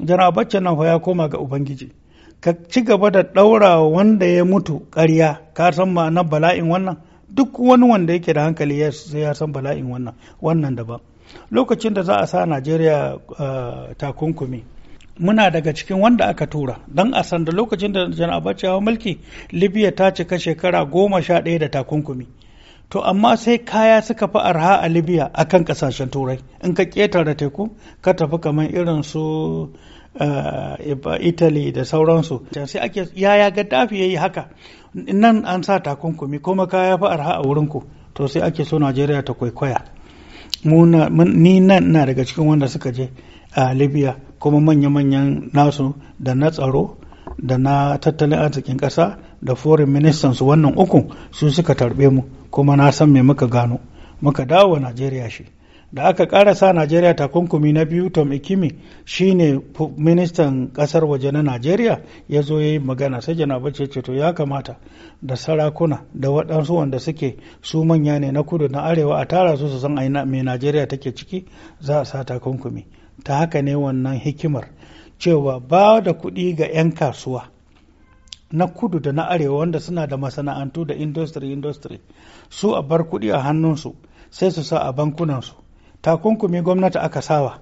jana na nan ya koma ga ubangiji ka ci gaba da ɗaura wanda ya mutu ƙarya ka san ma'anar bala'in wannan duk wani wanda yake da hankali ya san bala'in wannan wannan daban lokacin da za a sa najeriya eh, takunkumi muna daga cikin wanda aka tura don a sanda lokacin da jana mulki libya ta cika shekara goma sha ɗaya da takunkumi to amma sai kaya suka fi arha a libya kan kasashen turai in ka ƙetare teku ka tafi kamar irin su eh, italy da sauransu sai ake yaya gaddafi ya yi haka nan an sa takunkumi kuma kaya fi arha a wurinku to sai ake so najeriya ta kwaikwaya ni nan na daga cikin wanda suka je a libya kuma manya-manyan nasu da na tsaro da na tattalin arzikin ƙasa da foreign ministansu wannan uku su suka tarbe mu kuma na san me muka gano muka dawo wa najeriya shi da aka karasa najeriya takunkumi na biyu tom ikimi shine ministan kasar waje na najeriya ya zo ya yi magana sai janaba ce to ya kamata da sarakuna da waɗansu wanda suke su manya ne na kudu na arewa a tara su su san aina mai najeriya take ciki za a sa takunkumi ta haka ne wannan hikimar cewa ba da kuɗi ga 'yan kasuwa na kudu da na arewa wanda suna da masana'antu da industry industry su a bar kudi a hannunsu sai su sa a bankunansu takunkumi gwamnati aka sawa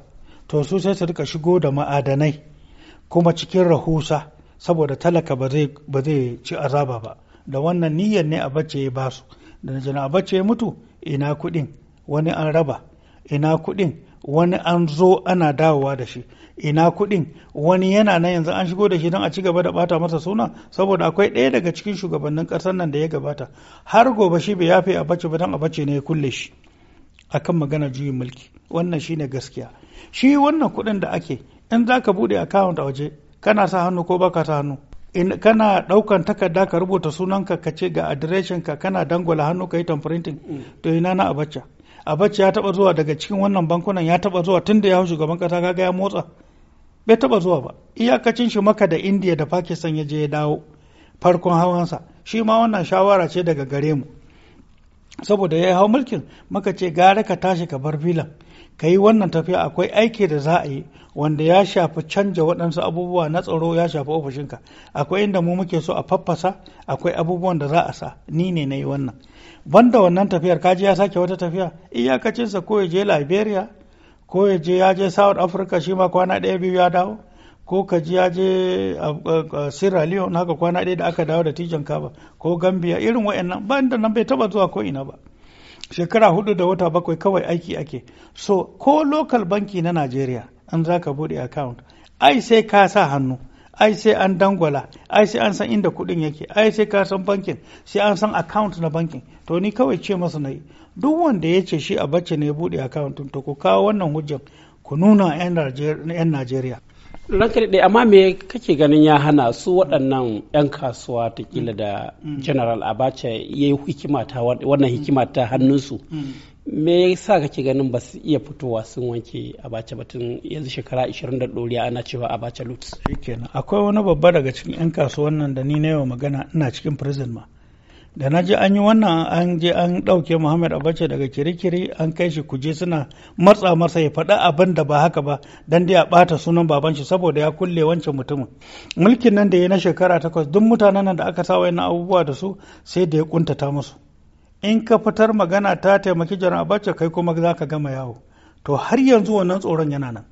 to su sai su rika shigo da ma'adanai kuma cikin rahusa saboda talaka ba zai ci azaba ba da wannan niyyar ne bace ya basu da na abace ya mutu ina kuɗi wani an raba ina kuɗin wani an zo ana dawowa da shi ina kuɗin wani yana nan yanzu an shigo da shi don a ci gaba da bata masa suna saboda akwai ɗaya daga cikin shugabannin ƙasar nan da ya gabata har gobe shi bai yafe a bace ba don a bace ne ya kulle shi kan magana juyin mulki wannan shi ne gaskiya shi wannan kuɗin da ake in za ka buɗe akawunt a waje kana sa hannu ko baka sa hannu in kana ɗaukan takarda ka rubuta sunanka ka ce ga adireshinka kana dangwala hannu ka yi tamfrintin to ina na abacha abaci ya taba zuwa daga cikin wannan bankunan ya taba zuwa tun da ya hau shugaban kasa kaga ya motsa bai taba zuwa ba iyakacin shi maka da indiya da pakistan ya je ya dawo farkon hawansa shi ma wannan shawara ce daga gare mu saboda ya hau mulkin maka ce gara ka tashi ka bar filan ka yi wannan tafiya akwai aiki da za a yi wanda ya shafi canja waɗansu abubuwa na tsaro ya shafi ofishinka akwai inda mu muke so a faffasa akwai abubuwan da za a sa ni ne na yi wannan banda wannan tafiyar kaji ya sake wata tafiya iyakacinsa ko ya je liberia ko ya je ya je south africa shi ma kwana ɗaya biyu ya dawo ko ka ji ya je Sierra Leone haka kwana ɗaya da aka dawo da tijan kaba ko Gambia irin wa'annan ba da nan bai taba zuwa ko ina ba shekara hudu da wata bakwai kawai aiki ake so ko local banki na nigeria an za ka buɗe account ai sai ka sa hannu ai sai an dangwala ai sai an san inda kuɗin yake ai sai ka san bankin sai an san account na bankin to ni kawai ce masa na yi duk wanda ya ce shi a bacci ne ya buɗe account to ku kawo wannan hujjar ku nuna 'yan Najeriya ranka da amma me kake ganin ya hana su waɗannan 'yan kasuwa ta kila da general abacha ya yi hikima ta wannan hikima ta hannunsu me yasa kake ganin ba su iya fitowa sun wanke abacha batun yanzu shekara 20 da ɗoriya ana cewa abacha loot akwai wani babba daga cikin 'yan kasuwan nan da ni na wa magana ina cikin prison ma da na ji an yi wannan an je an ɗauke muhammad abacha daga kirikiri an kai shi kuje suna matsa masa ya faɗa abin da ba haka ba dan dai a ɓata sunan baban shi saboda ya kulle wancan mutumin mulkin nan da ya na shekara takwas duk mutanen nan da aka sa wayannan abubuwa da su sai da ya kuntata musu in ka fitar magana ta taimaki jan abacha kai kuma za ka gama yawo to har yanzu wannan tsoron yana nan